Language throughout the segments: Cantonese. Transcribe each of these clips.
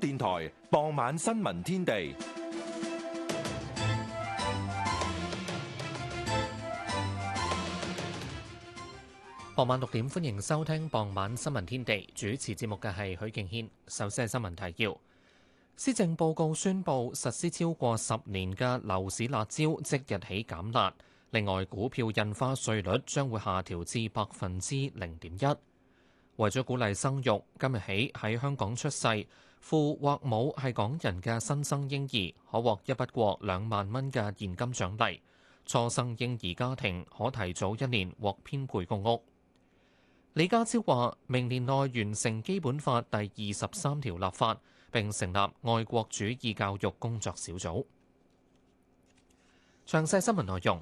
電台傍晚新聞天地。傍晚六點，歡迎收聽傍晚新聞天地。主持節目嘅係許敬軒。首先係新聞提要：施政報告宣布實施超過十年嘅樓市辣招即日起減辣。另外，股票印花稅率將會下調至百分之零點一。為咗鼓勵生育，今日起喺香港出世。父或母係港人嘅新生嬰兒，可獲一筆過兩萬蚊嘅現金獎勵；初生嬰兒家庭可提早一年獲編配公屋。李家超話：明年內完成《基本法》第二十三條立法，並成立愛國主義教育工作小組。詳細新聞內容，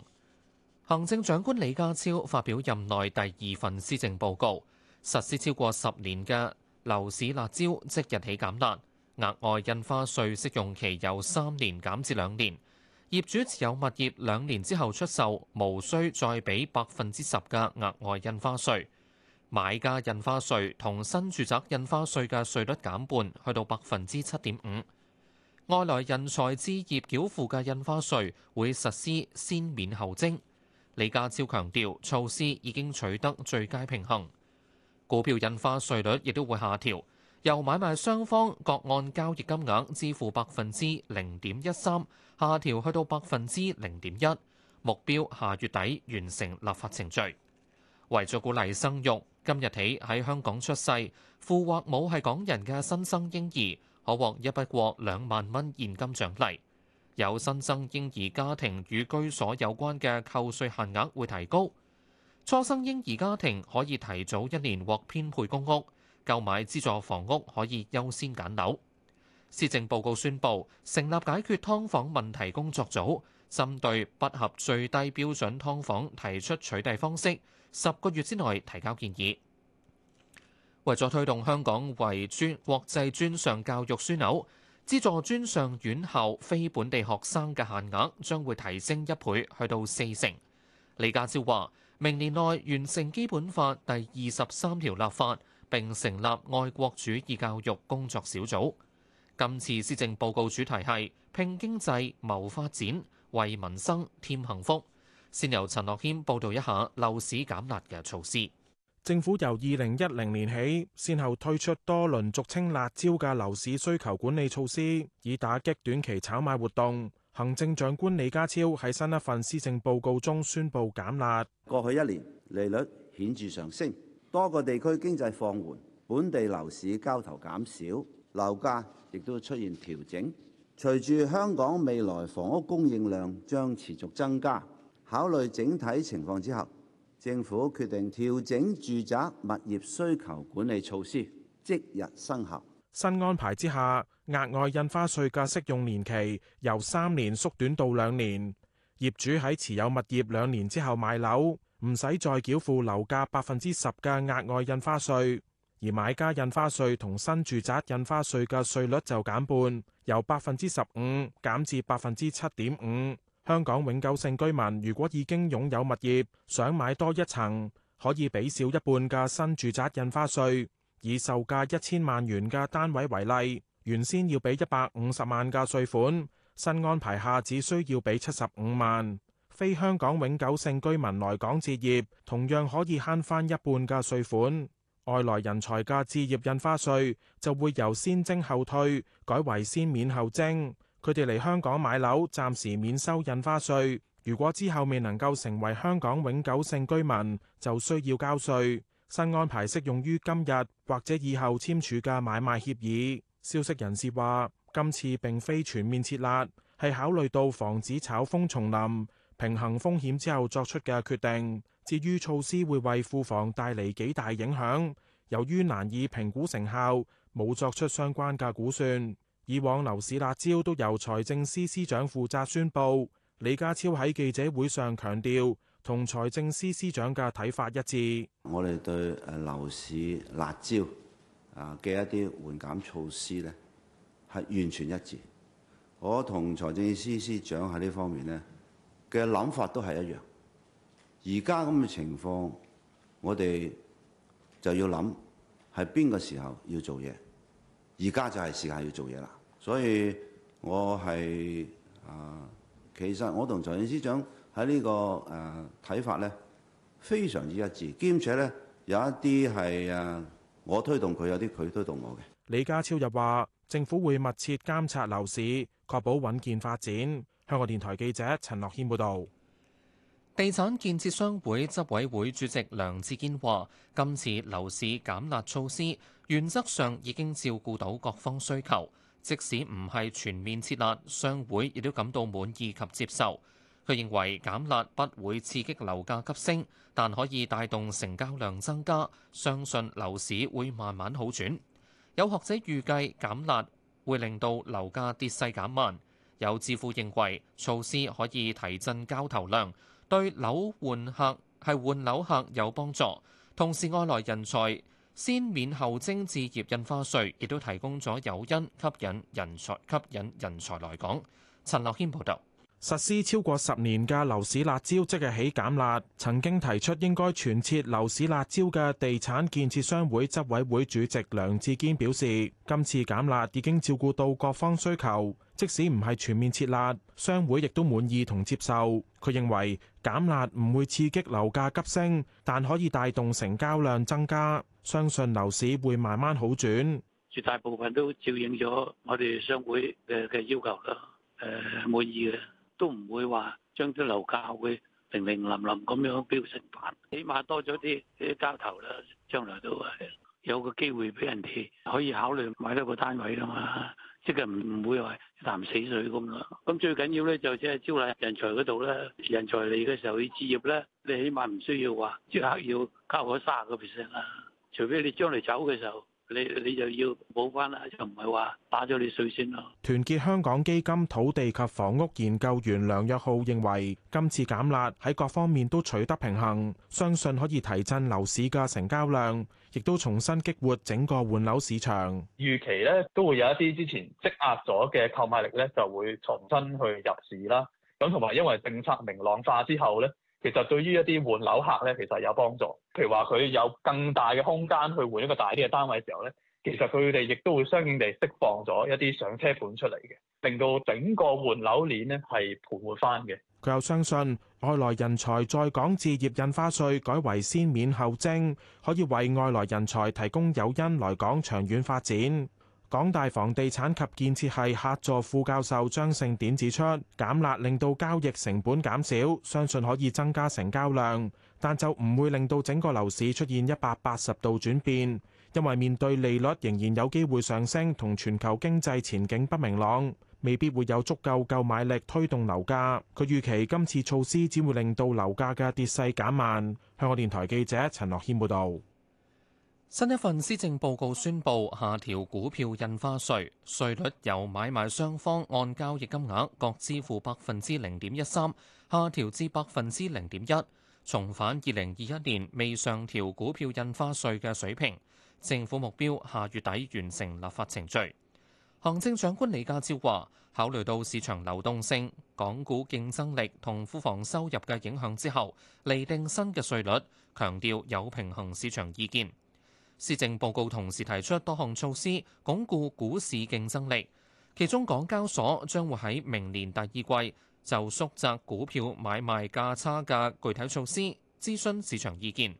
行政長官李家超發表任內第二份施政報告，實施超過十年嘅。樓市辣招即日起減辣，額外印花稅適用期由三年減至兩年，業主持有物業兩年之後出售，無需再俾百分之十嘅額外印花稅。買家印花稅同新住宅印花稅嘅稅率減半，去到百分之七點五。外來人才置業繳付嘅印花稅會實施先免後徵。李家超強調，措施已經取得最佳平衡。股票印花稅率亦都會下調，由買賣雙方各按交易金額支付百分之零點一三，下調去到百分之零點一，目標下月底完成立法程序。為咗鼓勵生育，今日起喺香港出世，父或母係港人嘅新生嬰兒，可獲一筆過兩萬蚊現金獎勵。有新生嬰兒家庭與居所有關嘅扣稅限額會提高。初生嬰兒家庭可以提早一年獲編配公屋，購買資助房屋可以優先揀樓。施政報告宣布成立解決劏房問題工作組，針對不合最低標準劏房提出取締方式，十個月之內提交建議。為咗推動香港為專國際專上教育樞紐，資助專上院校非本地學生嘅限額將會提升一倍，去到四成。李家超話。明年內完成《基本法》第二十三條立法，並成立愛國主義教育工作小組。今次施政報告主題係拼經濟、謀發展、為民生添幸福。先由陳樂謙報道一下樓市減辣嘅措施。政府由二零一零年起，先後推出多輪俗稱“辣招”嘅樓市需求管理措施，以打擊短期炒賣活動。行政長官李家超喺新一份施政報告中宣布減壓。過去一年利率顯著上升，多個地區經濟放緩，本地樓市交投減少，樓價亦都出現調整。隨住香港未來房屋供應量將持續增加，考慮整體情況之後，政府決定調整住宅物業需求管理措施，即日生效。新安排之下，額外印花稅嘅適用年期由三年縮短到兩年，業主喺持有物業兩年之後賣樓，唔使再繳付樓價百分之十嘅額外印花稅。而買家印花稅同新住宅印花稅嘅稅率就減半，由百分之十五減至百分之七點五。香港永久性居民如果已經擁有物業，想買多一層，可以俾少一半嘅新住宅印花稅。以售價一千萬元嘅單位為例。原先要俾一百五十萬嘅稅款，新安排下只需要俾七十五萬。非香港永久性居民來港置業，同樣可以慳翻一半嘅稅款。外來人才嘅置業印花稅就會由先徵後退，改為先免後徵，佢哋嚟香港買樓，暫時免收印花稅。如果之後未能夠成為香港永久性居民，就需要交稅。新安排適用於今日或者以後簽署嘅買賣協議。消息人士話，今次並非全面撤辣，係考慮到防止炒風重臨、平衡風險之後作出嘅決定。至於措施會為庫房帶嚟幾大影響，由於難以評估成效，冇作出相關嘅估算。以往樓市辣招都由財政司司長負責宣佈，李家超喺記者會上強調，同財政司司長嘅睇法一致。我哋對樓市辣招。啊嘅一啲緩減措施咧，係完全一致。我同財政司司長喺呢方面咧嘅諗法都係一樣。而家咁嘅情況，我哋就要諗係邊個時候要做嘢。而家就係時間要做嘢啦。所以我，我係啊，其實我同財政司長喺、這個呃、呢個誒睇法咧，非常之一致，兼且咧有一啲係啊。呃我推動佢，有啲佢推動我嘅。李家超又話：政府會密切監察樓市，確保穩健發展。香港電台記者陳樂軒報導。地產建設商會執委會主席梁志堅話：今次樓市減壓措施原則上已經照顧到各方需求，即使唔係全面設立，商會亦都感到滿意及接受。佢認為減辣不會刺激樓價急升，但可以帶動成交量增加，相信樓市會慢慢好轉。有學者預計減辣會令到樓價跌勢減慢。有智庫認為措施可以提振交投量，對樓換客係換樓客有幫助。同時，外來人才先免後徵置業印花稅，亦都提供咗誘因，吸引人才吸引人才來港。陳樂軒報導。實施超過十年嘅樓市辣招即日起減辣，曾經提出應該全撤樓市辣招嘅地產建設商會執委會主席梁志堅表示：今次減辣已經照顧到各方需求，即使唔係全面撤辣，商會亦都滿意同接受。佢認為減辣唔會刺激樓價急升，但可以帶動成交量增加，相信樓市會慢慢好轉。絕大部分都照應咗我哋商會嘅嘅要求啦，誒、呃、滿意嘅。都唔會話將啲樓價會零零林林咁樣飆成板，起碼多咗啲啲交投啦，將來都係有個機會俾人哋可以考慮買多個單位啦嘛，即係唔唔會話一潭死水咁啦。咁最緊要咧就即係招勵人才嗰度咧，人才嚟嘅時候要置業咧，你起碼唔需要話即刻要交三十個 percent 啦，除非你將嚟走嘅時候。你你就要補翻啦，就唔係話打咗你稅先咯。團結香港基金土地及房屋研究員梁若浩認為，今次減辣喺各方面都取得平衡，相信可以提振樓市嘅成交量，亦都重新激活整個換樓市場。預期咧都會有一啲之前積壓咗嘅購買力咧就會重新去入市啦。咁同埋因為政策明朗化之後咧。其實對於一啲換樓客咧，其實有幫助。譬如話佢有更大嘅空間去換一個大啲嘅單位時候咧，其實佢哋亦都會相應地釋放咗一啲上車盤出嚟嘅，令到整個換樓鏈呢係盤活翻嘅。佢又相信外來人才在港置業印花稅改為先免後徵，可以為外來人才提供有因來港長遠發展。港大房地產及建設系客座副教授張勝典指出，減辣令到交易成本減少，相信可以增加成交量，但就唔會令到整個樓市出現一百八十度轉變，因為面對利率仍然有機會上升同全球經濟前景不明朗，未必會有足夠購買力推動樓價。佢預期今次措施只會令到樓價嘅跌勢減慢。香港電台記者陳樂軒報導。新一份施政報告宣布下調股票印花稅，稅率由買賣雙方按交易金額各支付百分之零點一三，下調至百分之零點一，重返二零二一年未上調股票印花稅嘅水平。政府目標下月底完成立法程序。行政長官李家超話：考慮到市場流動性、港股競爭力同庫房收入嘅影響之後，釐定新嘅稅率，強調有平衡市場意見。施政報告同時提出多項措施，鞏固股市競爭力。其中，港交所將會喺明年第二季就縮窄股票買賣價差嘅具體措施諮詢市場意見。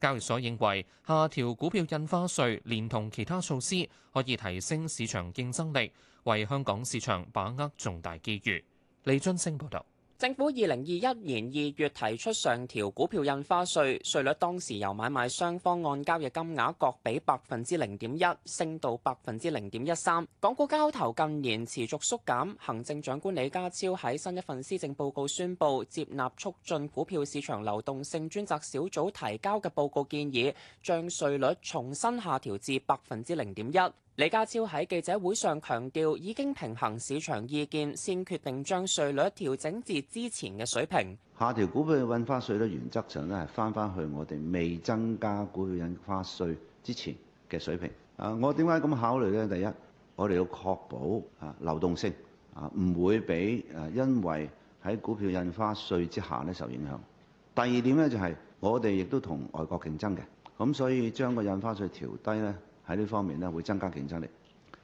交易所認為，下調股票印花稅，連同其他措施，可以提升市場競爭力，為香港市場把握重大機遇。李俊升報道。政府二零二一年二月提出上調股票印花稅稅率，當時由買賣雙方按交易金額各俾百分之零點一，升到百分之零點一三。港股交投近年持續縮減，行政長官李家超喺新一份施政報告宣布，接納促進股票市場流動性專責小組提交嘅報告建議，將稅率重新下調至百分之零點一。李家超喺記者會上強調，已經平衡市場意見，先決定將稅率調整至之前嘅水平。下調股票印花稅咧，原則上咧係翻翻去我哋未增加股票印花稅之前嘅水平。啊，我點解咁考慮呢？第一，我哋要確保啊流動性啊唔會俾啊因為喺股票印花稅之下咧受影響。第二點咧就係我哋亦都同外國競爭嘅，咁所以將個印花稅調低咧。喺呢方面咧，會增加競爭力。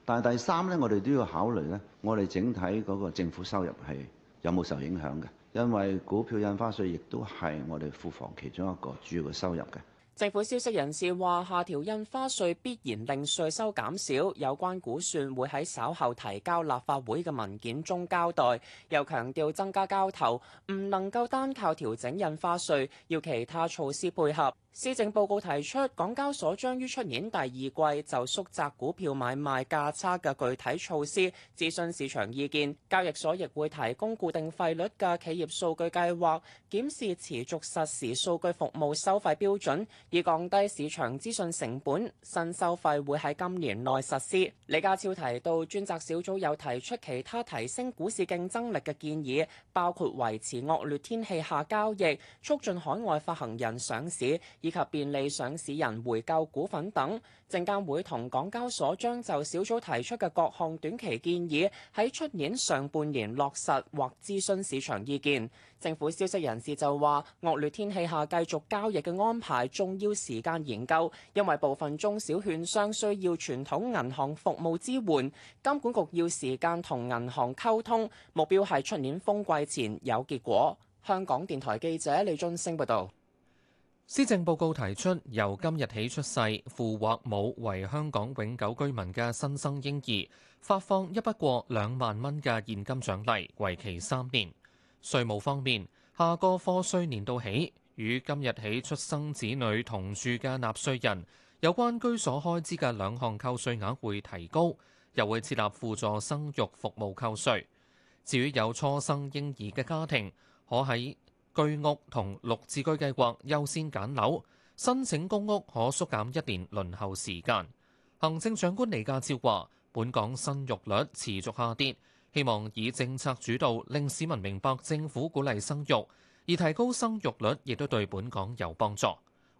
但係第三咧，我哋都要考慮咧，我哋整體嗰個政府收入係有冇受影響嘅？因為股票印花稅亦都係我哋庫房其中一個主要嘅收入嘅。政府消息人士話，下調印花稅必然令稅收減少，有關估算會喺稍後提交立法會嘅文件中交代。又強調增加交投，唔能夠單靠調整印花稅，要其他措施配合。施政報告提出，港交所將於出年第二季就縮窄股票買賣價差嘅具體措施諮詢市場意見，交易所亦會提供固定費率嘅企業數據計劃，檢視持續實時數據服務收費標準，以降低市場資訊成本。新收費會喺今年內實施。李家超提到，專責小組有提出其他提升股市競爭力嘅建議，包括維持惡劣天氣下交易，促進海外發行人上市。以及便利上市人回購股份等，證監會同港交所將就小組提出嘅各項短期建議喺出年上半年落實或諮詢市場意見。政府消息人士就話，惡劣天氣下繼續交易嘅安排，仲要時間研究，因為部分中小券商需要傳統銀行服務支援，金管局要時間同銀行溝通，目標係出年風季前有結果。香港電台記者李俊升報道。施政報告提出，由今日起出世父或母為香港永久居民嘅新生嬰兒，發放一筆過兩萬蚊嘅現金獎勵，為期三年。稅務方面，下個課稅年度起，與今日起出生子女同住嘅納稅人，有關居所開支嘅兩項扣稅額會提高，又會設立輔助生育服務扣稅。至於有初生嬰兒嘅家庭，可喺居屋同綠置居計劃優先揀樓，申請公屋可縮減一年輪候時間。行政長官李家超話：本港生育率持續下跌，希望以政策主導令市民明白政府鼓勵生育，而提高生育率亦都對本港有幫助。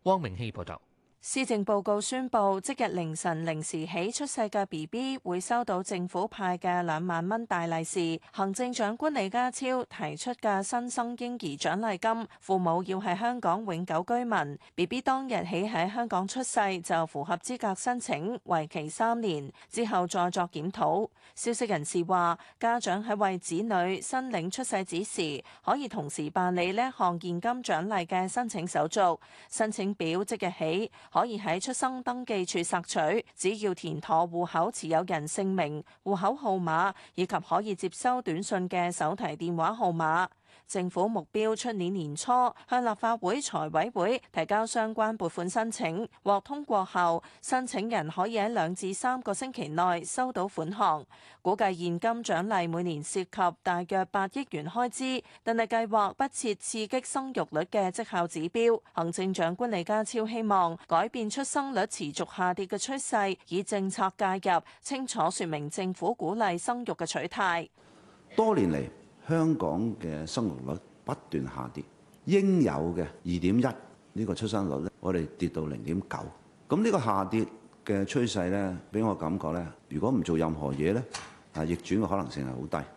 汪明希報道。施政報告宣布，即日凌晨零時起，出世嘅 B B 會收到政府派嘅兩萬蚊大利是。行政長官李家超提出嘅新生嬰兒獎勵金，父母要喺香港永久居民，B B 當日起喺香港出世就符合資格申請，為期三年，之後再作檢討。消息人士話，家長喺為子女申領出世紙時，可以同時辦理呢一項現金獎勵嘅申請手續。申請表即日起，可以喺出生登記處索取，只要填妥戶口持有人姓名、戶口號碼以及可以接收短信嘅手提電話號碼。政府目標出年年初向立法會財委會提交相關撥款申請，獲通過後，申請人可以喺兩至三個星期內收到款項。估計現金獎勵每年涉及大約八億元開支，但係計劃不設刺激生育率嘅績效指標。行政長官李家超希望改變出生率持續下跌嘅趨勢，以政策介入，清楚說明政府鼓勵生育嘅取態。多年嚟。香港嘅生育率不斷下跌，應有嘅二點一呢個出生率呢，我哋跌到零點九。咁呢個下跌嘅趨勢呢，俾我感覺呢，如果唔做任何嘢呢，啊逆轉嘅可能性係好低。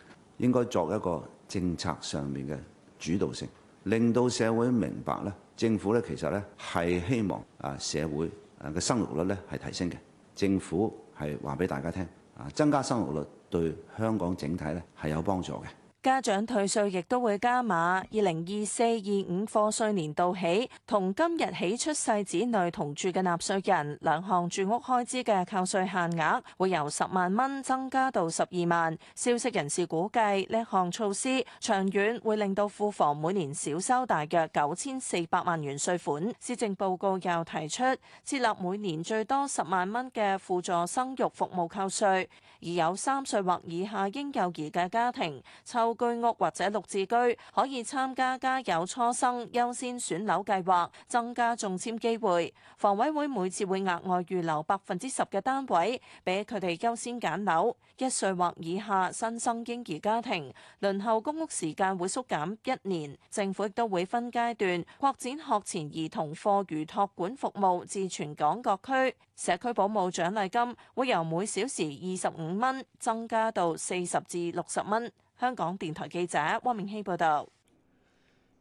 應該作一個政策上面嘅主導性，令到社會明白呢，政府呢其實呢係希望啊社會啊嘅生育率呢係提升嘅。政府係話俾大家聽啊，增加生育率對香港整體呢係有幫助嘅。家長退稅亦都會加碼，二零二四二五課稅年度起，同今日起出世子女同住嘅納稅人，兩項住屋開支嘅扣稅限額會由十萬蚊增加到十二萬。消息人士估計呢項措施長遠會令到庫房每年少收大約九千四百萬元稅款。施政報告又提出設立每年最多十萬蚊嘅輔助生育服務扣稅，而有三歲或以下嬰幼兒嘅家庭抽。居屋或者六字居可以參加家有初生優先選樓計劃，增加中簽機會。房委會每次會額外預留百分之十嘅單位，俾佢哋優先揀樓。一歲或以下新生嬰兒家庭輪候公屋時間會縮減一年。政府亦都會分階段擴展學前兒童課餘託管服務至全港各區。社區保姆獎勵金會由每小時二十五蚊增加到四十至六十蚊。香港電台記者汪明希報道，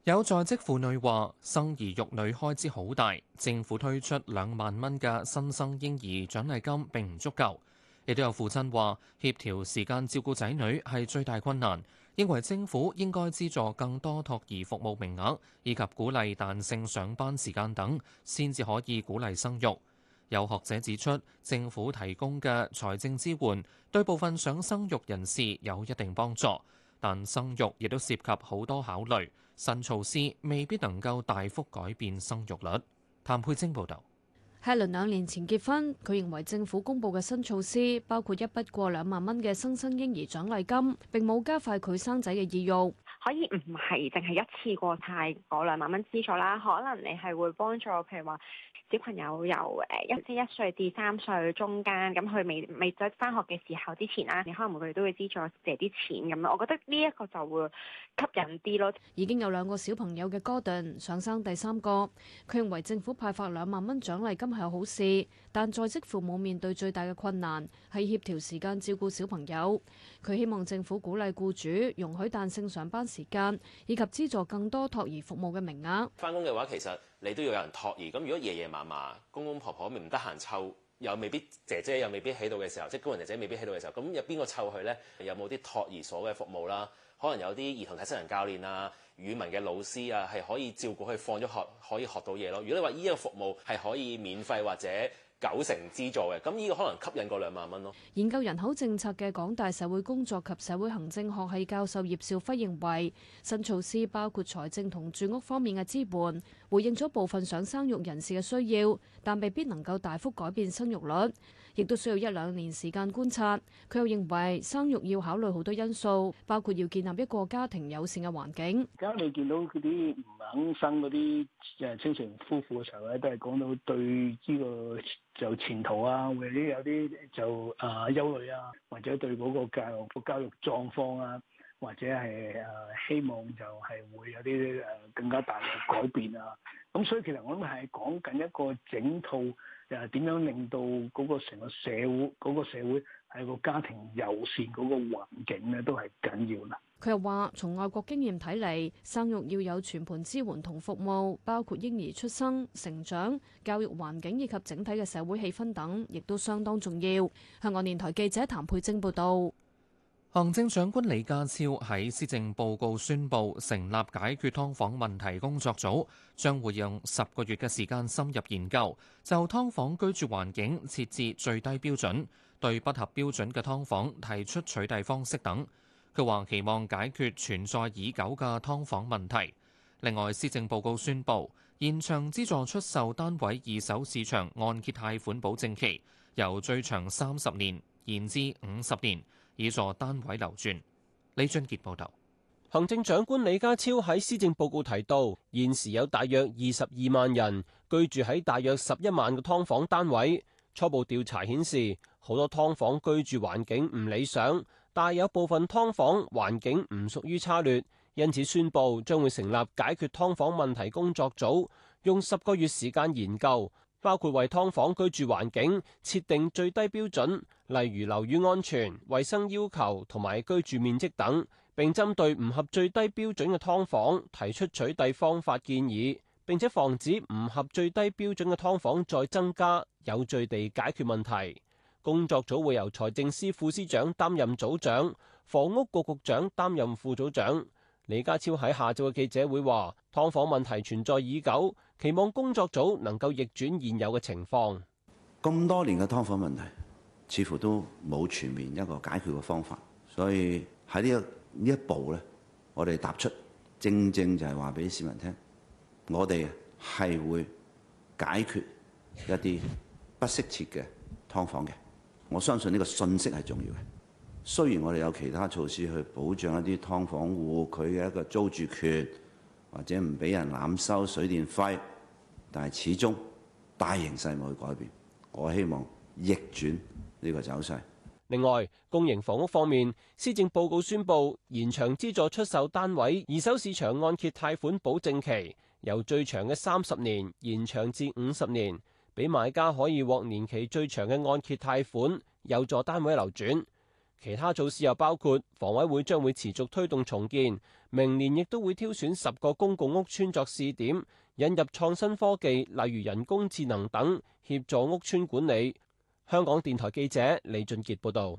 有在職婦女話生兒育女開支好大，政府推出兩萬蚊嘅新生嬰兒獎勵金並，並唔足夠。亦都有父親話協調時間照顧仔女係最大困難，認為政府應該資助更多托兒服務名額，以及鼓勵彈性上班時間等，先至可以鼓勵生育。有學者指出，政府提供嘅財政支援對部分想生育人士有一定幫助，但生育亦都涉及好多考慮，新措施未必能夠大幅改變生育率。譚佩晶報導。希倫兩年前結婚，佢認為政府公布嘅新措施包括一筆過兩萬蚊嘅新生嬰兒獎勵金，並冇加快佢生仔嘅意欲。可以唔係淨係一次過派嗰兩萬蚊資助啦，可能你係會幫助，譬如話小朋友由誒一至一歲至三歲中間咁佢未未再翻學嘅時候之前啦，你可能佢哋都會資助借啲錢，咁樣，我覺得呢一個就會吸引啲咯。已經有兩個小朋友嘅哥頓想生第三個，佢認為政府派發兩萬蚊獎勵金係好事，但在職父母面對最大嘅困難係協調時間照顧小朋友。佢希望政府鼓勵僱主容許彈性上班。時間以及資助更多托兒服務嘅名額。翻工嘅話，其實你都要有人托兒。咁如果爺爺嫲嫲、公公婆婆咪唔得閒湊，又未必姐姐又未必喺度嘅時候，即係工人姐姐未必喺度嘅時候，咁有邊個湊佢呢？有冇啲托兒所嘅服務啦？可能有啲兒童體適能教練啊、語文嘅老師啊，係可以照顧佢放咗學可以學到嘢咯。如果你話呢一個服務係可以免費或者，九成資助嘅，咁呢個可能吸引過兩萬蚊咯。研究人口政策嘅港大社會工作及社會行政學系教授葉兆輝認為，新措施包括財政同住屋方面嘅支援，回應咗部分想生育人士嘅需要，但未必能夠大幅改變生育率。亦都需要一兩年時間觀察。佢又認為生育要考慮好多因素，包括要建立一個家庭友善嘅環境。而家你見到嗰啲唔肯生嗰啲誒青城夫婦嘅時候咧，都係講到對呢個就前途啊，或者有啲就啊憂慮啊，或者對嗰個教育教育狀況啊，或者係誒希望就係會有啲誒更加大嘅改變啊！咁所以其實我諗係講緊一個整套，又係點樣令到嗰個成個社會、嗰個社會喺個家庭友善嗰個環境咧，都係緊要啦。佢又話：從外國經驗睇嚟，生育要有全盤支援同服務，包括嬰兒出生、成長、教育環境以及整體嘅社會氣氛等，亦都相當重要。香港電台記者譚佩晶報道。行政長官李家超喺施政報告宣布成立解決劏房問題工作組，將會用十個月嘅時間深入研究就劏房居住環境設置最低標準，對不合標準嘅㓥房提出取締方式等。佢話期望解決存在已久嘅劏房問題。另外，施政報告宣布延長資助出售單位二手市場按揭貸款保證期，由最長三十年延至五十年。以助單位流轉。李俊杰報道，行政長官李家超喺施政報告提到，現時有大約二十二萬人居住喺大約十一萬個劏房單位。初步調查顯示，好多劏房居住環境唔理想，但有部分劏房環境唔屬於差劣，因此宣布將會成立解決劏房問題工作組，用十個月時間研究。包括為劏房居住環境設定最低標準，例如樓宇安全、衛生要求同埋居住面積等，並針對唔合最低標準嘅劏房提出取締方法建議，並且防止唔合最低標準嘅劏房再增加，有序地解決問題。工作組會由財政司副司長擔任組長，房屋局局長擔任副組長。李家超喺下晝嘅記者會話：劏房問題存在已久。期望工作組能夠逆轉現有嘅情況。咁多年嘅劏房問題，似乎都冇全面一個解決嘅方法。所以喺呢一呢一步咧，我哋踏出，正正就係話俾市民聽，我哋係會解決一啲不適切嘅劏房嘅。我相信呢個信息係重要嘅。雖然我哋有其他措施去保障一啲劏房戶佢嘅一個租住權。或者唔俾人濫收水電費，但係始終大形勢冇改變，我希望逆轉呢個走勢。另外，公營房屋方面，施政報告宣布延長資助出售單位二手市場按揭貸款保證期，由最長嘅三十年延長至五十年，俾買家可以獲年期最長嘅按揭貸款，有助單位流轉。其他措施又包括，房委會將會持續推動重建，明年亦都會挑選十個公共屋邨作試點，引入創新科技，例如人工智能等，協助屋邨管理。香港電台記者李俊杰報道。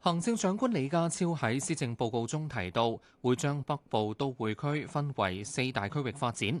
行政長官李家超喺施政報告中提到，會將北部都會區分為四大區域發展。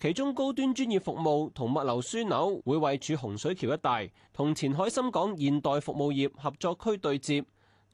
其中高端專業服務同物流樞紐會位處洪水橋一帶同前海深港現代服務業合作區對接；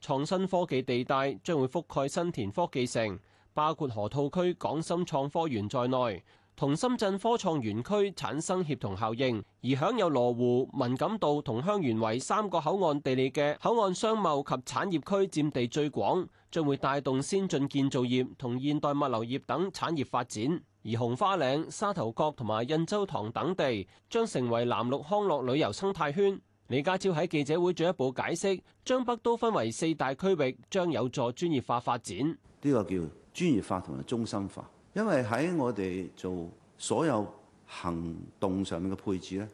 創新科技地帶將會覆蓋新田科技城，包括河套區港深創科園在內，同深圳科創園區產生協同效應，而享有羅湖、文錦道同香園圍三個口岸地理嘅口岸商貿及產業區占地最廣，將會帶動先進建造業同現代物流業等產業發展。而紅花嶺、沙頭角同埋印洲塘等地將成為藍綠康樂旅遊生態圈。李家超喺記者會進一步解釋，將北都分為四大區域，將有助專業化發展。呢個叫專業化同埋中心化，因為喺我哋做所有行動上面嘅配置咧，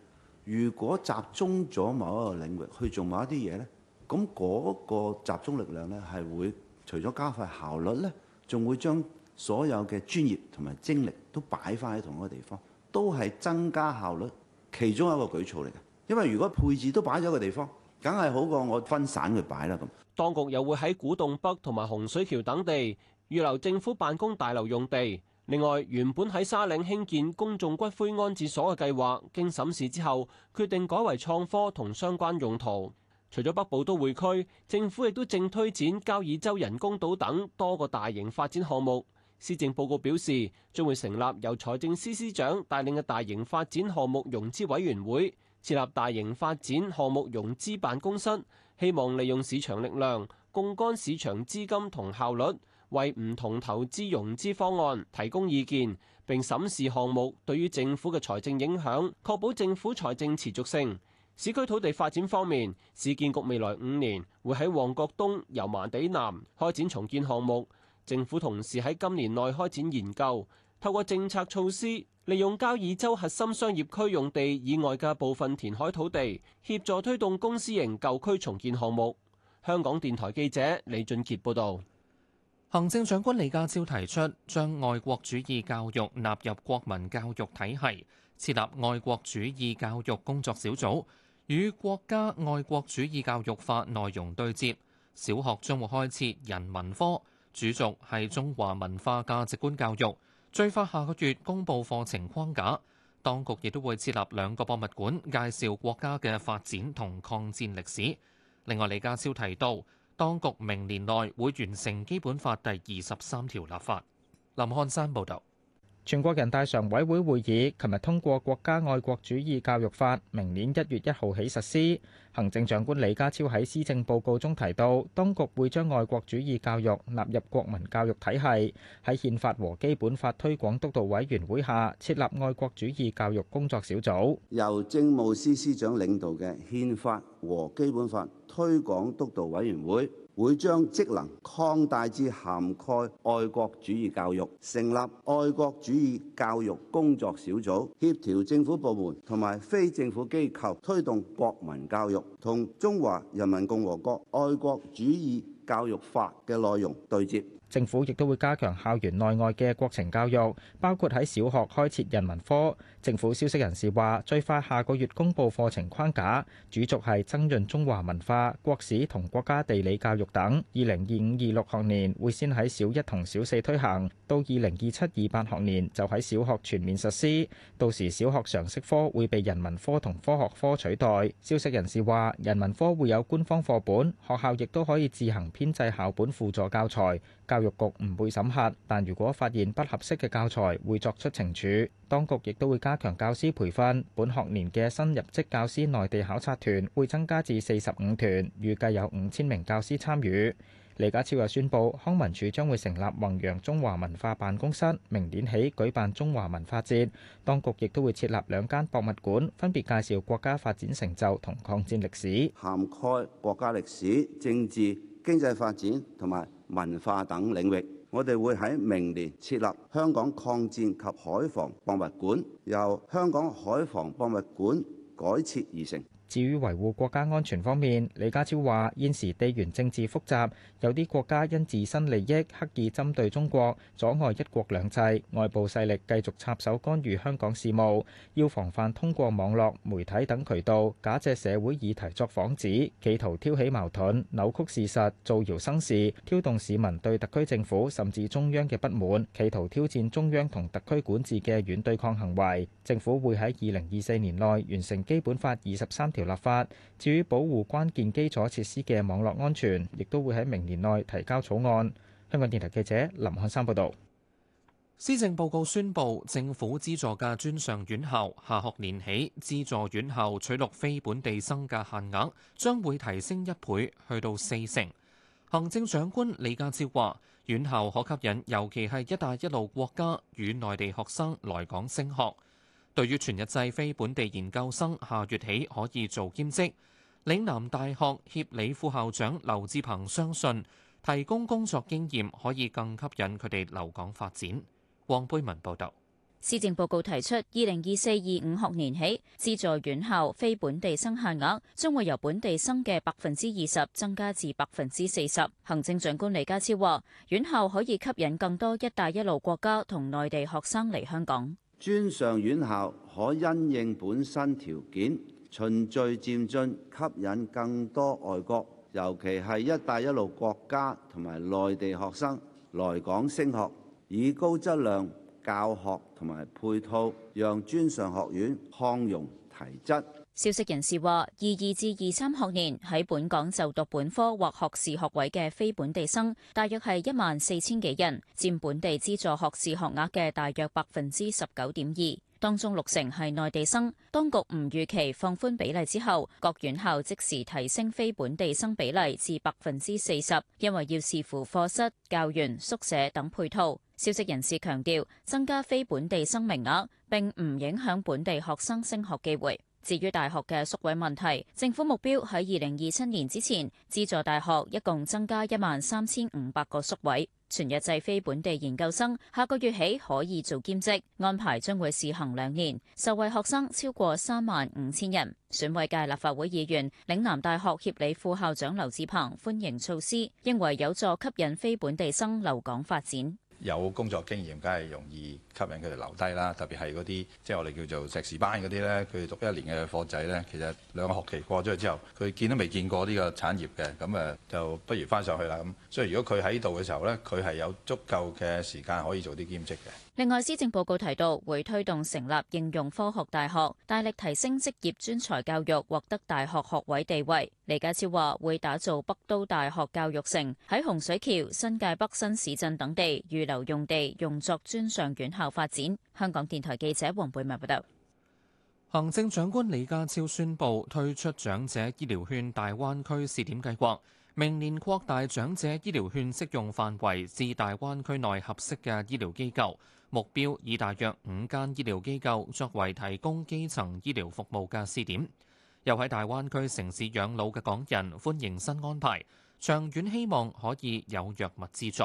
如果集中咗某一個領域去做某一啲嘢咧，咁嗰個集中力量咧係會除咗加快效率咧，仲會將所有嘅專業同埋精力都擺返喺同一個地方，都係增加效率其中一個舉措嚟嘅。因為如果配置都擺咗個地方，梗係好過我分散去擺啦。咁，當局又會喺古洞北同埋洪水橋等地預留政府辦公大樓用地。另外，原本喺沙嶺興建公眾骨灰安置所嘅計劃，經審視之後，決定改為創科同相關用途。除咗北部都會區，政府亦都正推展交椅洲人工島等多個大型發展項目。施政報告表示，將會成立由財政司司長帶領嘅大型發展項目融資委員會，設立大型發展項目融資辦公室，希望利用市場力量，槓桿市場資金同效率，為唔同投資融資方案提供意見，並審視項目對於政府嘅財政影響，確保政府財政持續性。市區土地發展方面，市建局未來五年會喺旺角東、油麻地南開展重建項目。政府同時喺今年內開展研究，透過政策措施，利用交椅洲核心商業區用地以外嘅部分填海土地，協助推動公私營舊區重建項目。香港電台記者李俊傑報導。行政長官李家超提出將愛國主義教育納入國民教育體系，設立愛國主義教育工作小組，與國家愛國主義教育法內容對接。小學將會開設人文科。主族係中華文化價值觀教育，最快下個月公布課程框架。當局亦都會設立兩個博物館，介紹國家嘅發展同抗戰歷史。另外，李家超提到，當局明年內會完成基本法第二十三條立法。林漢山報道。全國人大常委會會議琴日通過《國家愛國主義教育法》，明年一月一號，起實施。行政長官李家超喺施政報告中提到，當局會將愛國主義教育納入國民教育體系，喺憲法和基本法推廣督導委員會下設立愛國主義教育工作小組。由政務司司長領導嘅憲法和基本法推廣督導委員會。會將職能擴大至涵蓋愛國主義教育，成立愛國主義教育工作小組，協調政府部門同埋非政府機構推動國民教育，同中華人民共和國愛國主義教育法嘅內容對接。政府亦都會加強校園內外嘅國情教育，包括喺小學開設人文科。政府消息人士話，最快下個月公布課程框架，主軸係增潤中華文化、國史、同國家地理教育等。二零二五二六學年會先喺小一同小四推行，到二零二七二八學年就喺小學全面實施。到時小學常識科會被人文科同科學科取代。消息人士話，人文科會有官方課本，學校亦都可以自行編製校本輔助教材。教育局唔會審核，但如果發現不合適嘅教材，會作出懲處。當局亦都會加。加強教師培訓，本學年嘅新入職教師內地考察團會增加至四十五團，預計有五千名教師參與。李家超又宣布，康文署將會成立弘揚中華文化辦公室，明年起舉辦中華文化節。當局亦都會設立兩間博物館，分別介紹國家發展成就同抗戰歷史，涵蓋國家歷史、政治、經濟發展同埋文化等領域。我哋會喺明年設立香港抗戰及海防博物館，由香港海防博物館改設而成。至於維護國家安全方面，李家超話：現時地緣政治複雜，有啲國家因自身利益刻意針對中國，阻礙一國兩制；外部勢力繼續插手干預香港事務，要防範通過網絡、媒體等渠道，假借社會議題作幌子，企圖挑起矛盾、扭曲事實、造謠生事，挑動市民對特區政府甚至中央嘅不滿，企圖挑戰中央同特區管治嘅軟對抗行為。政府會喺二零二四年內完成基本法二十三條。立法。至於保護關鍵基礎設施嘅網絡安全，亦都會喺明年內提交草案。香港電台記者林漢山報導。施政報告宣布，政府資助嘅專上院校下學年起資助院校取錄非本地生嘅限額將會提升一倍，去到四成。行政長官李家超話，院校可吸引尤其係「一帶一路」國家與內地學生來港升學。對於全日制非本地研究生，下月起可以做兼職。嶺南大學協理副校長劉志鵬相信，提供工作經驗可以更吸引佢哋留港發展。黃貝文報導。施政報告提出，二零二四二五學年起，資助院校非本地生限額將會由本地生嘅百分之二十增加至百分之四十。行政長官李家超話，院校可以吸引更多「一帶一路」國家同內地學生嚟香港。專上院校可因應本身條件循序漸進，吸引更多外國，尤其係「一帶一路」國家同埋內地學生來港升學，以高質量教學同埋配套，讓專上學院擴容提質。消息人士話，二二至二三學年喺本港就讀本科或學士學位嘅非本地生，大約係一萬四千幾人，佔本地資助學士學額嘅大約百分之十九點二。當中六成係內地生。當局唔預期放寬比例之後，各院校即時提升非本地生比例至百分之四十，因為要視乎課室、教員、宿舍等配套。消息人士強調，增加非本地生名額，並唔影響本地學生升學機會。至於大學嘅宿位問題，政府目標喺二零二七年之前資助大學一共增加一萬三千五百個宿位。全日制非本地研究生下個月起可以做兼職安排，將會試行兩年，受惠學生超過三萬五千人。選委界立法會議員、嶺南大學協理副校長劉智鵬歡迎措施，認為有助吸引非本地生留港發展。有工作經驗，梗係容易吸引佢哋留低啦。特別係嗰啲，即係我哋叫做碩士班嗰啲呢。佢讀一年嘅課仔呢，其實兩個學期過咗去之後，佢見都未見過呢個產業嘅，咁誒就不如返上去啦。咁所以如果佢喺度嘅時候呢，佢係有足夠嘅時間可以做啲兼職嘅。另外，施政報告提到會推動成立應用科學大學，大力提升職業專才教育，獲得大學學位地位。李家超話會打造北都大學教育城，喺洪水橋、新界北新市鎮等地預留用地，用作專上院校發展。香港電台記者黃貝文報道。行政長官李家超宣布推出長者醫療券大灣區試點計劃，明年擴大長者醫療券適用範圍至大灣區內合適嘅醫療機構。目標以大約五間醫療機構作為提供基層醫療服務嘅試點。又喺大灣區城市養老嘅港人歡迎新安排，長遠希望可以有藥物資助。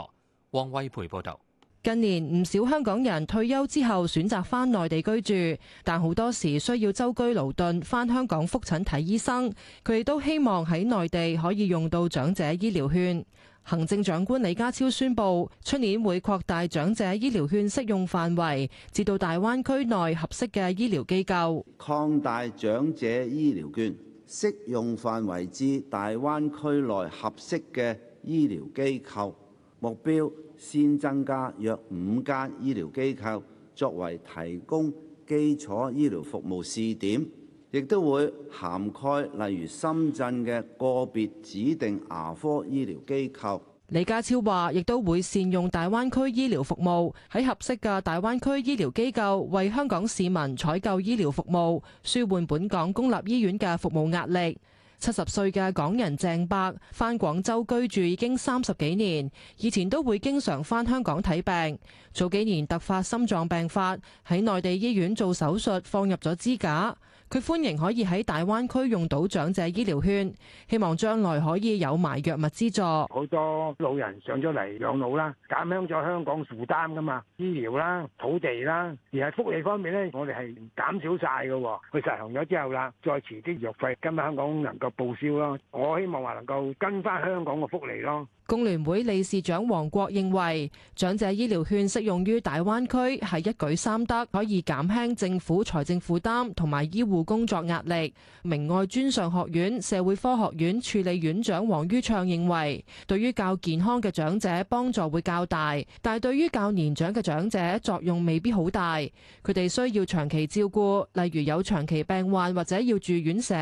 汪威培報導，近年唔少香港人退休之後選擇翻內地居住，但好多時需要周居勞頓翻香港覆診睇醫生，佢哋都希望喺內地可以用到長者醫療券。行政長官李家超宣布，出年會擴大長者醫療券適用範圍，至到大灣區內合適嘅醫療機構。擴大長者醫療券適用範圍至大灣區內合適嘅醫療機構，目標先增加約五間醫療機構作為提供基礎醫療服務試點。亦都會涵蓋，例如深圳嘅個別指定牙科醫療機構。李家超話，亦都會善用大灣區醫療服務，喺合適嘅大灣區醫療機構，為香港市民採購醫療服務，舒緩本港公立醫院嘅服務壓力。七十歲嘅港人鄭伯返廣州居住已經三十幾年，以前都會經常返香港睇病。早幾年突發心臟病發，喺內地醫院做手術，放入咗支架。佢歡迎可以喺大灣區用到長者醫療券，希望將來可以有埋藥物資助。好多老人上咗嚟養老啦，減輕咗香港負擔噶嘛，醫療啦、土地啦，而係福利方面呢，我哋係減少晒㗎。佢實行咗之後啦，再遲啲藥費今日香港能夠報銷咯。我希望話能夠跟翻香港嘅福利咯。工聯會理事長黃國認為，長者醫療券適用於大灣區係一舉三得，可以減輕政府財政負擔同埋醫護。工作壓力。明愛專上學院社會科學院助理院長黃于暢認為，對於較健康嘅長者，幫助會較大；但係對於較年長嘅長者，作用未必好大。佢哋需要長期照顧，例如有長期病患或者要住院社，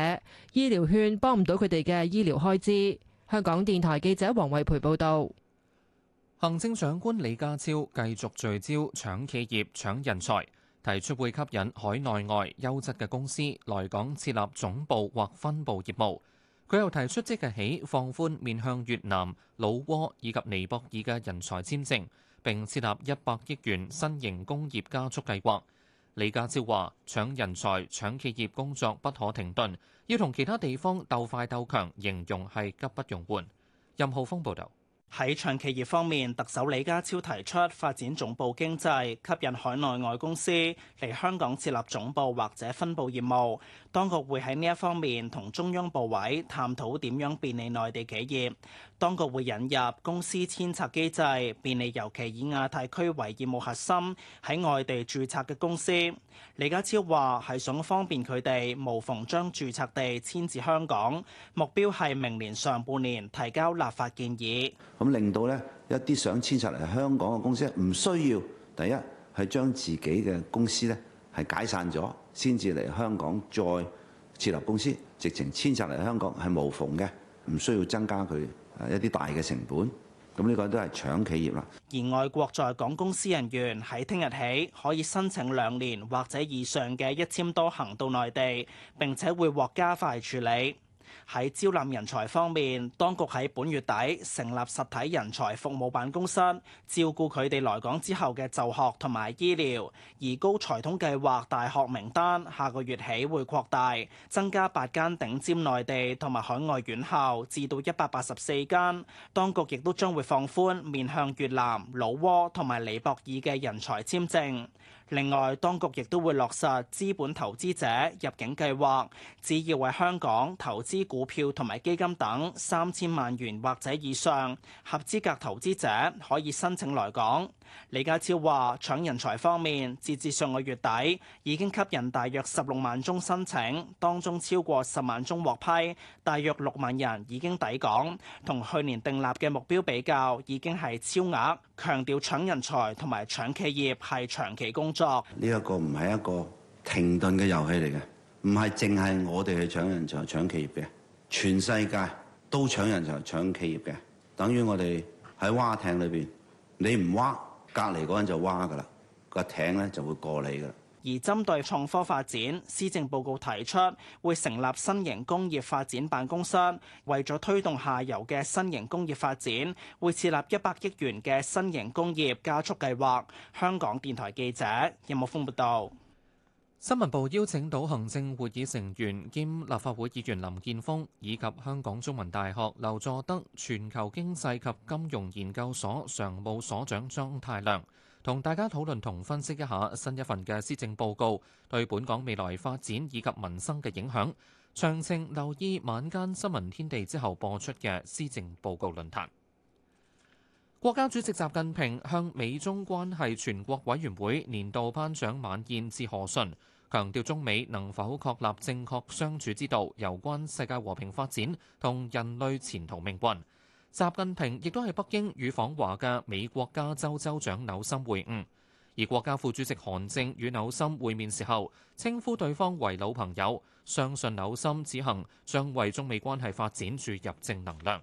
醫療券幫唔到佢哋嘅醫療開支。香港電台記者黃惠培報道。行政長官李家超繼續聚焦搶企業、搶人才。提出會吸引海內外優質嘅公司來港設立總部或分部業務。佢又提出即日起放寬面向越南、老撾以及尼泊爾嘅人才簽證，並設立一百億元新型工業加速計劃。李家超話：搶人才、搶企業工作不可停頓，要同其他地方鬥快鬥強，形容係急不容緩。任浩峰報導。喺搶企業方面，特首李家超提出發展總部經濟，吸引海內外公司嚟香港設立總部或者分部業務。當局會喺呢一方面同中央部委探討點樣便利內地企業。當局會引入公司遷冊機制，便利尤其以亞太區為業務核心喺外地註冊嘅公司。李家超話係想方便佢哋無縫將註冊地遷至香港，目標係明年上半年提交立法建議。咁令到呢一啲想遷冊嚟香港嘅公司唔需要第一係將自己嘅公司呢係解散咗先至嚟香港再設立公司，直情遷冊嚟香港係無縫嘅，唔需要增加佢一啲大嘅成本，咁呢個都係搶企業啦。而外國在港公司人員喺聽日起可以申請兩年或者以上嘅一簽多行到內地，並且會獲加快處理。喺招攬人才方面，當局喺本月底成立實體人才服務辦公室，照顧佢哋來港之後嘅就學同埋醫療。而高才通計劃大學名單下個月起會擴大，增加八間頂尖內地同埋海外院校，至到一百八十四間。當局亦都將會放寬面向越南、老撾同埋尼泊爾嘅人才簽證。另外，當局亦都會落實資本投資者入境計劃，只要為香港投資股票同埋基金等三千萬元或者以上合資格投資者，可以申請來港。李家超話，搶人才方面，截至上個月底已經吸引大約十六萬宗申請，當中超過十萬宗獲批，大約六萬人已經抵港。同去年訂立嘅目標比較，已經係超額。強調搶人才同埋搶企業係長期工作。呢一個唔係一個停頓嘅遊戲嚟嘅，唔係淨係我哋去搶人才、搶企業嘅，全世界都搶人才、搶企業嘅。等於我哋喺蛙艇裏邊，你唔挖，隔離嗰人就挖㗎啦，個艇咧就會過嚟㗎。而針對創科發展，施政報告提出會成立新型工業發展辦公室，為咗推動下游嘅新型工業發展，會設立一百億元嘅新型工業加速計劃。香港電台記者任武峯報道。有新聞部邀請到行政會議成員兼立法會議員林健鋒，以及香港中文大學劉佐德全球經濟及金融研究所常務所長莊太量，同大家討論同分析一下新一份嘅施政報告對本港未來發展以及民生嘅影響。詳情留意晚間新聞天地之後播出嘅施政報告論壇。國家主席習近平向美中關係全國委員會年度頒獎晚宴致賀信，強調中美能否確立正確相處之道，攸關世界和平發展同人類前途命運。習近平亦都喺北京與訪華嘅美國加州州長紐森會晤，而國家副主席韓正與紐森會面時候，稱呼對方為老朋友，相信紐森此行將為中美關係發展注入正能量。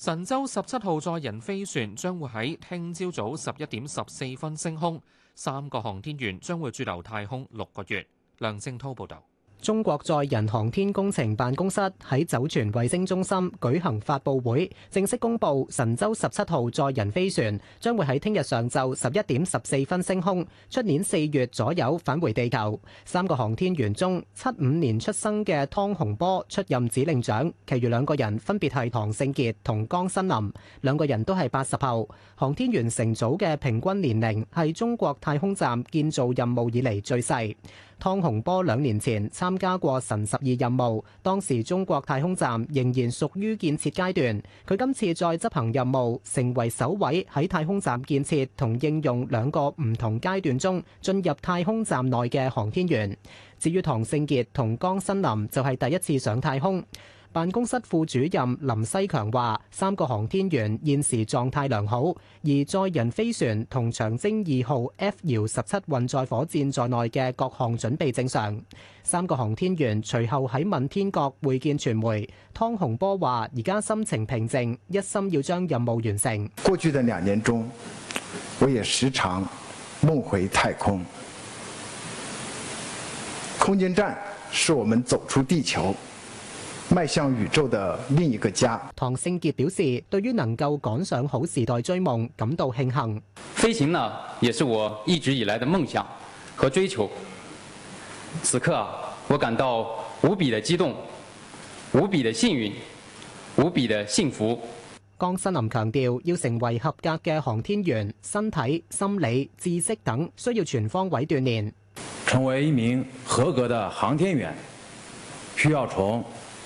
神舟十七號載人飛船將會喺聽朝早十一點十四分升空，三個航天員將會駐留太空六個月。梁正濤報道。中國載人航天工程辦公室喺酒泉衛星中心舉行發佈會，正式公佈神舟十七號載人飛船將會喺聽日上晝十一點十四分升空，出年四月左右返回地球。三個航天員中，七五年出生嘅湯洪波出任指令長，其餘兩個人分別係唐勝傑同江新林，兩個人都係八十後。航天員乘組嘅平均年齡係中國太空站建造任務以嚟最細。湯洪波兩年前參加過神十二任務，當時中國太空站仍然屬於建設階段。佢今次再執行任務，成為首位喺太空站建設同應用兩個唔同階段中進入太空站內嘅航天員。至於唐勝傑同江新林就係第一次上太空。辦公室副主任林西強話：三個航天員現時狀態良好，而載人飛船同長征二號 F 遙十七運載火箭在內嘅各項準備正常。三個航天員隨後喺問天閣會見傳媒。湯洪波話：而家心情平靜，一心要將任務完成。過去嘅兩年中，我也時常夢回太空。空間站是我們走出地球，邁向宇宙的另一個家。唐勝傑表示，對於能夠趕上好時代追夢感到慶幸。飛行呢，也是我一直以來的夢想和追求。此刻啊，我感到無比的激動、無比的幸運、無比的幸福。江新林強調，要成為合格嘅航天員，身體、心理、知識等需要全方位鍛煉。成為一名合格的航天員，需要從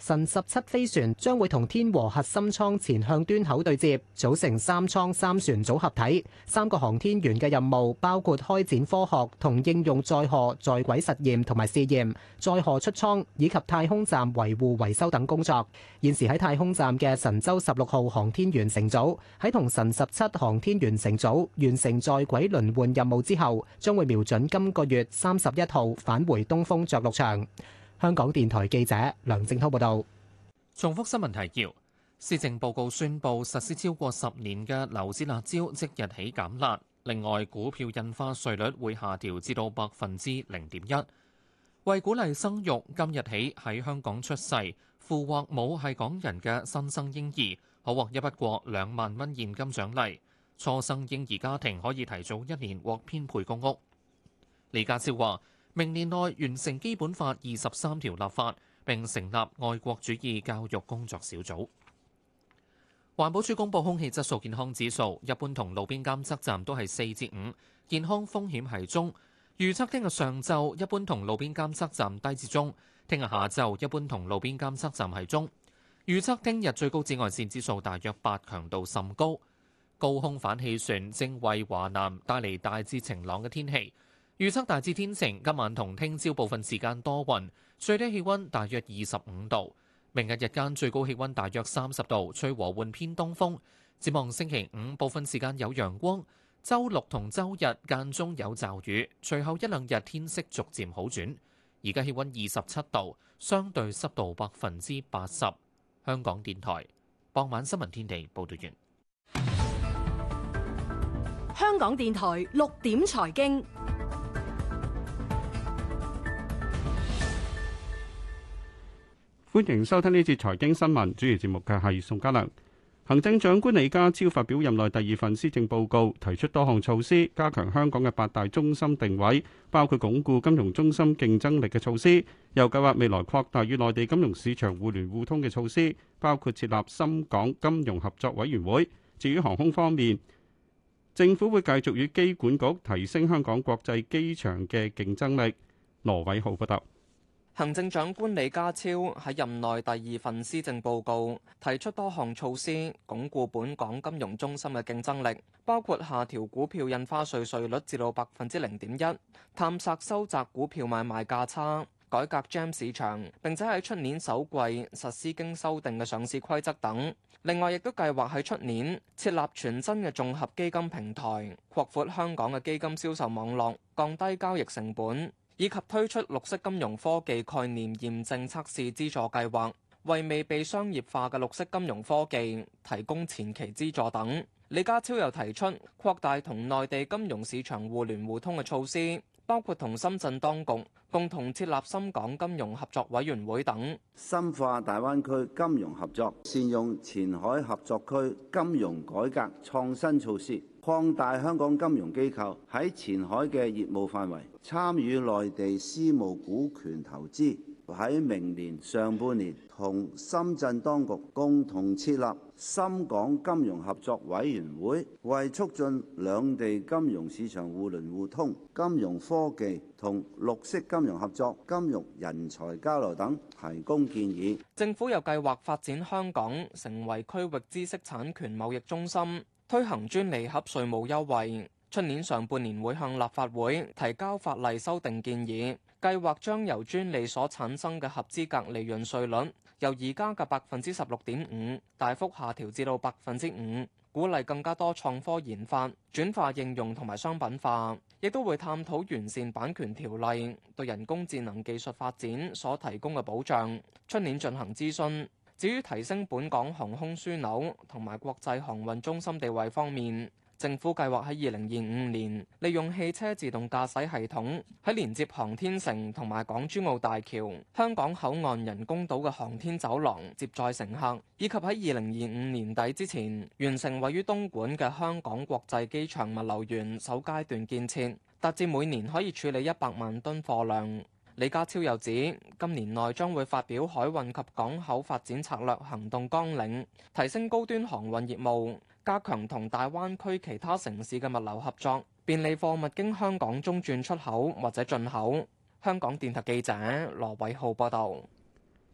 神十七飛船將會同天和核心艙前向端口對接，組成三艙三船組合體。三個航天員嘅任務包括開展科學同應用載荷在軌實驗同埋試驗、載荷出艙以及太空站維護維修等工作。現時喺太空站嘅神舟十六號航天員乘組喺同神十七航天員乘組完成在軌輪換任務之後，將會瞄準今個月三十一號返回東風着陸場。香港電台記者梁正濤報道：重複新聞提要，施政報告宣布實施超過十年嘅樓市辣招，即日起減辣。另外，股票印花稅率會下調至到百分之零點一。為鼓勵生育，今日起喺香港出世、父或母係港人嘅新生嬰兒，可獲一筆過兩萬蚊現金獎勵。初生嬰兒家庭可以提早一年獲編配公屋。李家超話。明年內完成《基本法》二十三條立法，並成立愛國主義教育工作小組。環保署公布空氣質素健康指數，一般同路邊監測站都係四至五，健康風險係中。預測聽日上晝一般同路邊監測站低至中，聽日下晝一般同路邊監測站係中。預測聽日最高紫外線指數大約八，強度甚高。高空反氣旋正為華南帶嚟大致晴朗嘅天氣。預測大致天晴，今晚同聽朝部分時間多雲，最低氣溫大約二十五度。明日日間最高氣溫大約三十度，吹和緩偏東風。展望星期五部分時間有陽光，週六同週日間中有驟雨。隨後一兩日天色逐漸好轉。而家氣溫二十七度，相對濕度百分之八十。香港電台傍晚新聞天地，報導完。香港電台六點財經。歡迎收聽呢次財經新聞，主持節目嘅係宋嘉良。行政長官李家超發表任內第二份施政報告，提出多項措施加強香港嘅八大中心定位，包括鞏固金融中心競爭力嘅措施，又計劃未來擴大與內地金融市場互聯互通嘅措施，包括設立深港金融合作委員會。至於航空方面，政府會繼續與機管局提升香港國際機場嘅競爭力。羅偉浩報道。行政長官李家超喺任內第二份施政報告提出多項措施，鞏固本港金融中心嘅競爭力，包括下調股票印花稅稅率至到百分之零點一，探索收窄股票買賣價差，改革 GEM 市場，並且喺出年首季實施經修訂嘅上市規則等。另外，亦都計劃喺出年設立全新嘅綜合基金平台，擴闊香港嘅基金銷售網絡，降低交易成本。以及推出綠色金融科技概念驗證測試資助計劃，為未被商業化嘅綠色金融科技提供前期資助等。李家超又提出擴大同內地金融市場互聯互通嘅措施，包括同深圳當局共同設立深港金融合作委員會等，深化大灣區金融合作，善用前海合作區金融改革創新措施。擴大香港金融機構喺前海嘅業務範圍，參與內地私募股權投資；喺明年上半年同深圳當局共同設立深港金融合作委員會，為促進兩地金融市場互聯互通、金融科技同綠色金融合作、金融人才交流等提供建議。政府又計劃發展香港成為區域知識產權貿易中心。推行專利盒稅務優惠，出年上半年會向立法會提交法例修訂建議，計劃將由專利所產生嘅合資格利潤稅率，由而家嘅百分之十六點五大幅下調至到百分之五，鼓勵更加多創科研發、轉化應用同埋商品化，亦都會探討完善版權條例對人工智能技術發展所提供嘅保障，出年進行諮詢。至於提升本港航空樞紐同埋國際航運中心地位方面，政府計劃喺二零二五年利用汽車自動駕駛系統喺連接航天城同埋港珠澳大橋、香港口岸人工島嘅航天走廊接載乘客，以及喺二零二五年底之前完成位於東莞嘅香港國際機場物流園首階段建設，達至每年可以處理一百萬噸貨量。李家超又指，今年內將會發表海運及港口發展策略行動綱領，提升高端航運業務，加強同大灣區其他城市嘅物流合作，便利貨物經香港中轉出口或者進口。香港電台記者羅偉浩報道。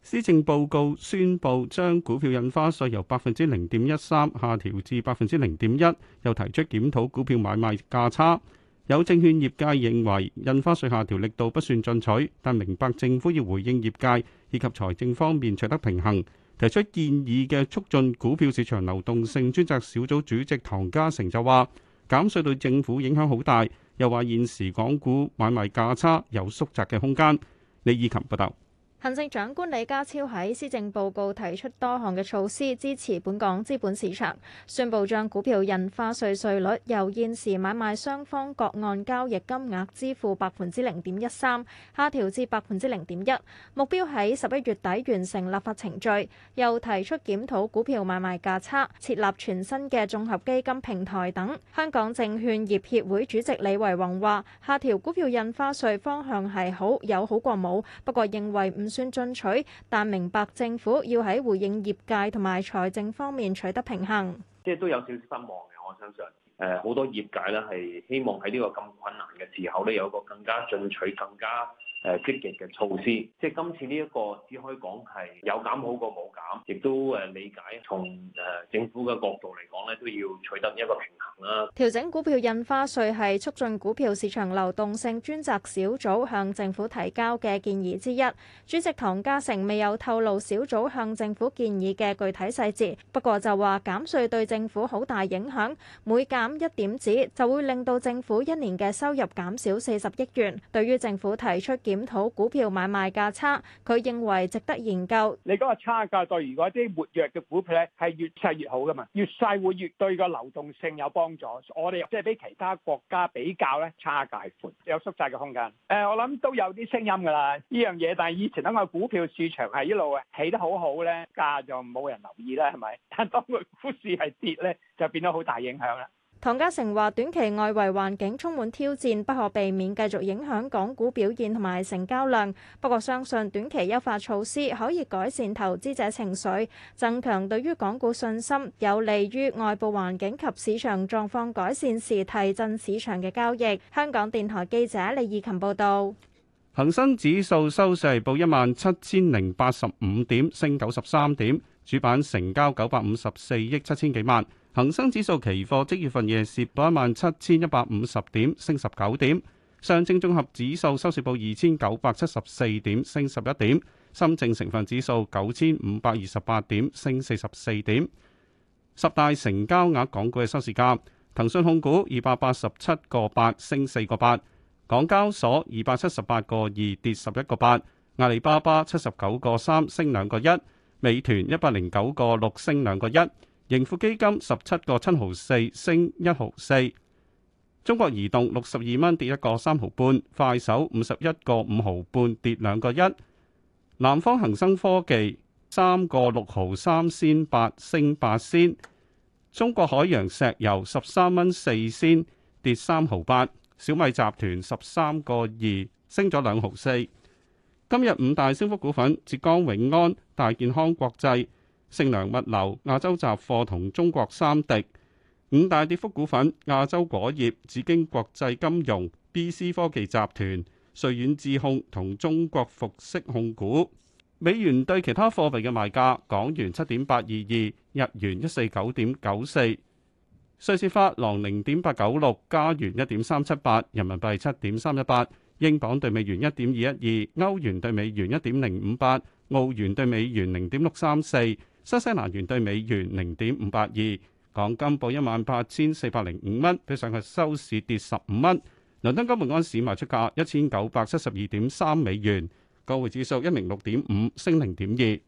施政報告宣布將股票印花稅由百分之零點一三下調至百分之零點一，又提出檢討股票買賣價差。有證券業界認為印花稅下調力度不算進取，但明白政府要回應業界以及財政方面取得平衡，提出建議嘅促進股票市場流動性專責小組主席唐家成就話減稅對政府影響好大，又話現時港股買賣價差有縮窄嘅空間。李以琴報道。行政長官李家超喺施政報告提出多項嘅措施支持本港資本市場，宣布將股票印花稅稅率由現時買賣雙方各按交易金額支付百分之零點一三，下調至百分之零點一，目標喺十一月底完成立法程序。又提出檢討股票買賣價差、設立全新嘅綜合基金平台等。香港證券業協會主席李維宏話：下調股票印花稅方向係好，有好過冇，不過認為唔。算進取，但明白政府要喺回應業界同埋財政方面取得平衡，即係都有少少失望嘅。我相信誒好多業界咧係希望喺呢個咁困難嘅時候咧有一個更加進取、更加誒積極嘅措施，即係今次呢一個只可以講係有減好過冇減，亦都誒理解從誒政府嘅角度嚟講咧，都要取得一個平衡啦。調整股票印花稅係促進股票市場流動性專責小組向政府提交嘅建議之一。主席唐家成未有透露小組向政府建議嘅具體細節，不過就話減稅對政府好大影響，每減一點子就會令到政府一年嘅收入減少四十億元。對於政府提出檢討股票買賣價差，佢認為值得研究。你嗰個差價對，如果啲活躍嘅股票咧，係越細越好噶嘛，越細會越對個流動性有幫助。我哋即係俾其他國家比較咧，差價寬，有縮窄嘅空間。誒，我諗都有啲聲音噶啦，呢樣嘢。但係以前咧，我股票市場係一路起得好好咧，價就冇人留意啦，係咪？但當佢股市係跌咧，就變咗好大影響啦。唐家成話：短期外圍環境充滿挑戰，不可避免繼續影響港股表現同埋成交量。不過相信短期優化措施可以改善投資者情緒，增強對於港股信心，有利於外部環境及市場狀況改善時提振市場嘅交易。香港電台記者李義琴報道。恒生指數收市報一萬七千零八十五點，升九十三點，主板成交九百五十四億七千幾萬。恒生指數期貨即月份夜市到一萬七千一百五十點，升十九點。上證綜合指數收市報二千九百七十四點，升十一點。深證成分指數九千五百二十八點，升四十四點。十大成交額港股嘅收市價：騰訊控股二百八十七個八，升四個八；港交所二百七十八個二，跌十一個八；阿里巴巴七十九個三，升兩個一；美團一百零九個六，升兩個一。盈富基金十七個七毫四升一毫四，中國移動六十二蚊跌一個三毫半，快手五十一個五毫半跌兩個一，南方恒生科技三個六毫三仙八升八仙，中國海洋石油十三蚊四仙跌三毫八，小米集團十三個二升咗兩毫四，今日五大升幅股份：浙江永安、大健康國際。盛良物流、亞洲雜貨同中國三迪。五大跌幅股份，亞洲果業、紫荊國際金融、BC 科技集團、瑞遠智控同中國服飾控股。美元對其他貨幣嘅賣價：港元七點八二二，日元一四九點九四，瑞士法郎零點八九六，加元一點三七八，人民幣七點三一八，英鎊兌美元一點二一二，歐元兌美元一點零五八，澳元兌美元零點六三四。新西蘭元對美元零點五八二，港金報一萬八千四百零五蚊，比上日收市跌十五蚊。倫敦金每安士賣出價一千九百七十二點三美元，個匯指數一零六點五升零點二。